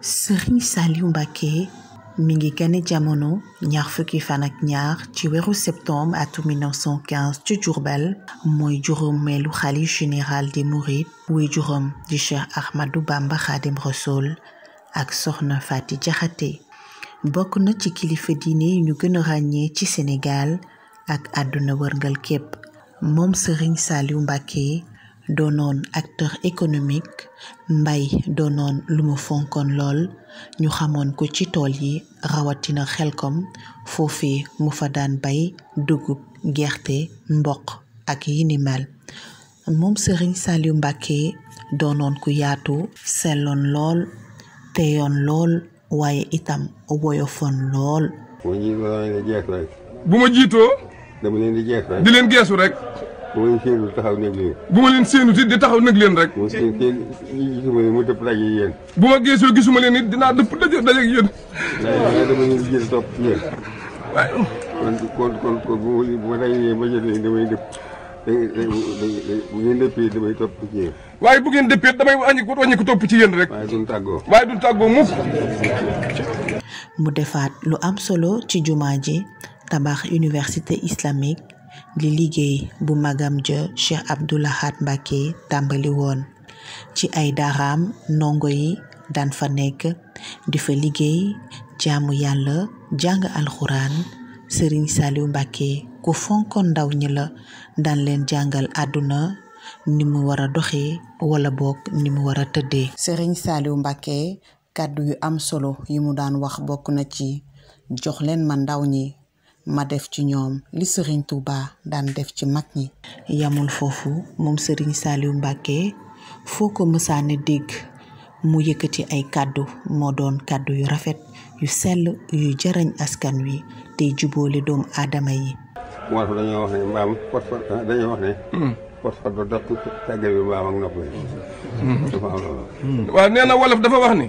sëriñ Saliou Mbacké mi ngi gane jamono ñaar fukki fan ñaar ci weeru septembre atum 1915 ci Diourbel mooy juróomeelu xalif général des mourides wuy juróom di Cheikh Ahmadou Bamba Khadim Rassoul ak soxna Fati Diakhaté bokk na ci kilifa diine yi ñu gën a ràññee ci Sénégal ak àdduna wërngal képp moom sëriñ Saliou Mbacké doonoon acteur économique mbay doonoon lumu fonkoon lool ñu xamoon ko ci tool yi rawatina xelkom foofee mu fa daan bay dugub gerte mboq ak yi ni mel moom Serigne Saliou Mbacké doonoon ku yaatu selloon lool teyoon lool waaye itam woyofoon lool bu ma jiitoo di leen geesu rek bu ma leen séenu taxaw nag leen. bu ma leen séenu it di taxaw nag leen rek. moom seen seen gisuma leen mu dëpp daje yéen. bu ma geesoo gisuma leen it dinaa dëpp daje daje ak dama leen jël topp yéen. kon kon bu ma dajee ma jël leen damay dëpp. da bu damay topp bu ngeen dëppee damay wàññi ko ko topp ci yéen rek. waaye duñ tàggoo. waaye duñ tàggoo mukk. mu defaat lu am solo ci jumaa ji tabax université islamique. li liggéey bu magam ja Cheikh Abdou Lahad tàmbali woon ci ay daaraam ndongo yi daan fa nekk di fa liggéey jaamu yàlla jàng alxuraan sëriñ Saliou Mbacké ku fonkoon ndaw ñi la daan leen jàngal àdduna ni mu war a doxee wala ni mu war a tëddee sëriñ Saliou Mbacké kàddu yu am solo yi mu daan wax bokk na ci jox leen ma ndaw ñi ma def ci ñoom li sëriñ Touba daan def ci mag ñi yamul foofu moom sëriñ Saliou Mbàkke foo ko mësaane dégg mu yëkkati ay kàddu moo doon kàddu yu rafet yu sell yu jëriñ askan wi tey juboole doomu aadama yi moo tax wolof dafa wax ni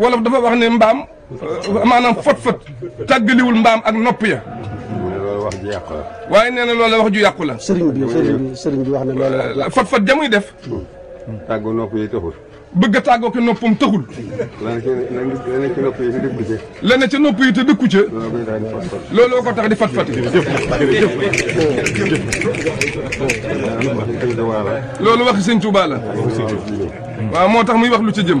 wolof dafa wax ne mbaam Euh, maanaam fot fot tàggaliwul mbaam ak nopp ya waaye nee na loolu wax ju yàqu la. sëriñ bi sëriñ bi wax na loolu la. fat fat jamuy def. tàggu nopp yi taxul. bëgg a tàggoo ko noppam taxul. leneen ci leneen ci nopp yi te dëkku ca. leneen ca nopp yi te dëkku ca. looloo ko tax di la. waaw moo tax muy wax lu ci jëm.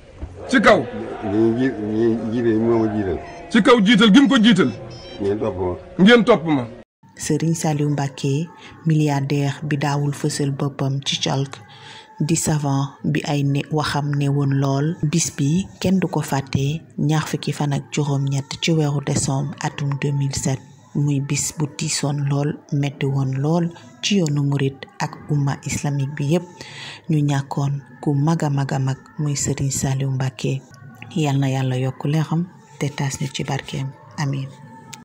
ci kaw. li ñuy ji gi mu ko jiital. ngeen topp ma. ngeen topp ma. Serigne Saliou Mbacké milliardaire bi daawul fësal boppam ci calque di savant bi ay ne waxam ne woon lool bis bi kenn du ko fàtte ñaar fukki fan ak juróom-ñett ci weeru décembre atum muy bis bu tiisoon lool metti lool ci yoonu murit ak umma islamique bi yépp ñu ñàkkoon ku mag a mag a mag muy sëriñ Saliou Mbacké yal na yàlla yokk leexam te taas ñu ci barkeem amiin